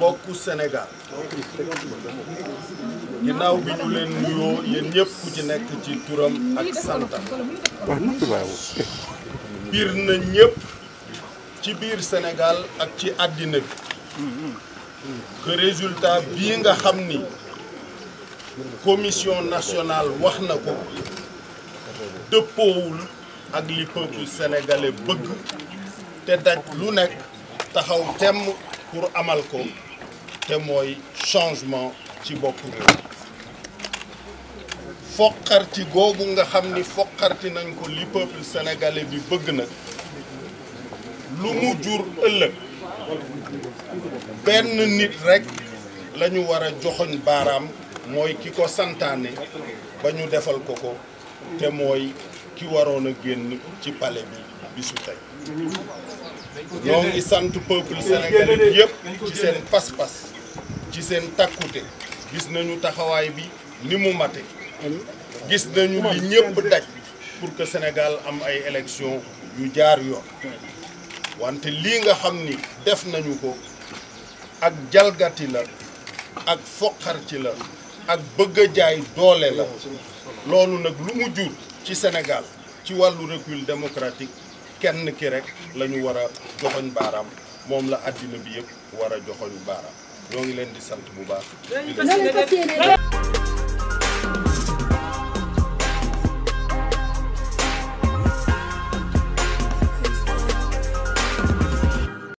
mbokku Sénégal ginnaaw bi ñu leen nuyoo yéen ñëpp ku ci nekk ci turam ak santam biir na ñëpp ci biir senegal ak ci àddina bi que résultat bi nga xam ni commission nationale wax na ko dëppoowul ak li peuple sénégalais bëgg te daj lu nekk taxaw temm pour amal ko te mooy changement ci bopp réew foqarti googu nga xam ni foqarti nañ ko li peuple sénégalais bi bëgg nag lu mu jur ëllëg benn nit rekk lañu ñu war a joxoñ baaraam mooy ki ko santaane ba ñu defal ko ko te mooy ki waroon a génn ci palais bi bisu tey moo ngi sant peuple sénégalais yëpp ci seen pas-pas ci seen takkute gis nañu taxawaay bi ni mu mate gis nañu li ñëpp daj pour que senegal am ay élection yu jaar yoon wante lii nga xam ni def nañu ko ak jalgati la ak foqar la ak bëgg a jaay doole la loolu nag lu mu jur ci senegal ci wàllu recul démocratique kenn ki rek la ñu war a joxoñ baaraam moom la addina bi yëpp war a joxoñ baaraam ñoo ngi leen di sant bu baax